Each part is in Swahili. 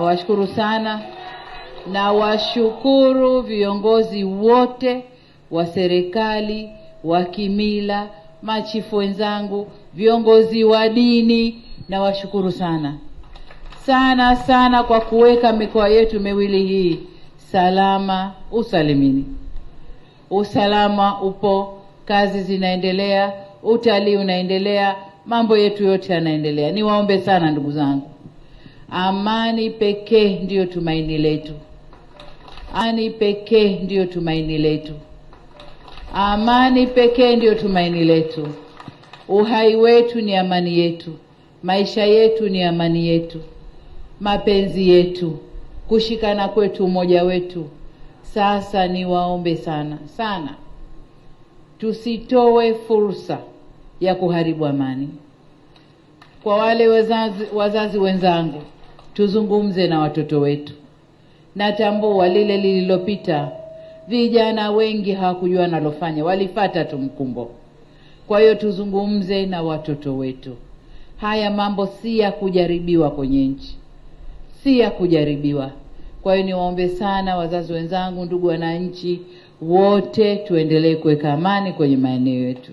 nawashukuru sana na washukuru viongozi wote wa serikali, wa kimila, machifu wenzangu, viongozi wa dini, na washukuru sana sana sana kwa kuweka mikoa yetu miwili hii salama usalimini. Usalama upo, kazi zinaendelea, utalii unaendelea, mambo yetu yote yanaendelea. Niwaombe sana ndugu zangu Amani pekee ndiyo tumaini letu, amani pekee ndiyo tumaini letu, amani pekee ndiyo tumaini letu. Uhai wetu ni amani yetu, maisha yetu ni amani yetu, mapenzi yetu, kushikana kwetu, umoja wetu. Sasa niwaombe sana sana, tusitoe fursa ya kuharibu amani. Kwa wale wazazi, wazazi wenzangu tuzungumze na watoto wetu. Natambua lile lililopita, vijana wengi hawakujua wanalofanya, walifata tu mkumbo. Kwa hiyo tuzungumze na watoto wetu. Haya mambo si ya kujaribiwa kwenye nchi, si ya kujaribiwa. Kwa hiyo niwaombe sana wazazi wenzangu, ndugu wananchi wote, tuendelee kuweka amani kwenye maeneo yetu.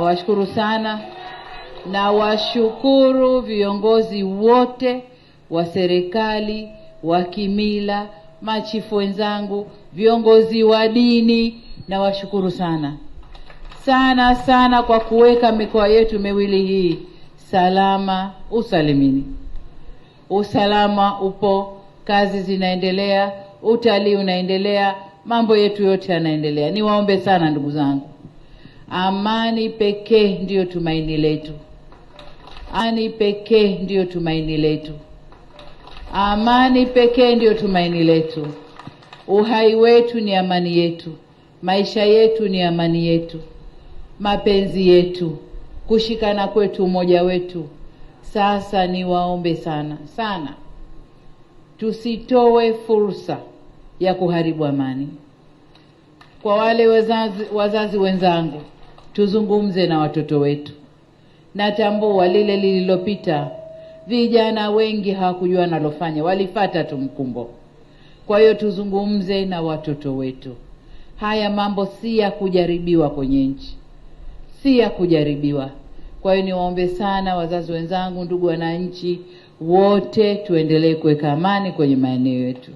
Washukuru sana na washukuru viongozi wote wa serikali, wa kimila, machifu wenzangu, viongozi wa dini, na washukuru sana sana sana kwa kuweka mikoa yetu miwili hii salama usalimini. Usalama upo, kazi zinaendelea, utalii unaendelea, mambo yetu yote yanaendelea. Niwaombe sana ndugu zangu Amani pekee ndiyo tumaini letu, amani pekee ndiyo tumaini letu, amani pekee ndiyo tumaini letu. Uhai wetu ni amani yetu, maisha yetu ni amani yetu, mapenzi yetu, kushikana kwetu, umoja wetu. Sasa niwaombe sana sana, tusitoe fursa ya kuharibu amani. Kwa wale wazazi, wazazi wenzangu tuzungumze na watoto wetu. Natambua lile lililopita, vijana wengi hawakujua wanalofanya, walifata tu mkumbo. Kwa hiyo tuzungumze na watoto wetu. Haya mambo si ya kujaribiwa kwenye nchi, si ya kujaribiwa. Kwa hiyo niwaombe sana wazazi wenzangu, ndugu wananchi wote, tuendelee kuweka amani kwenye maeneo yetu.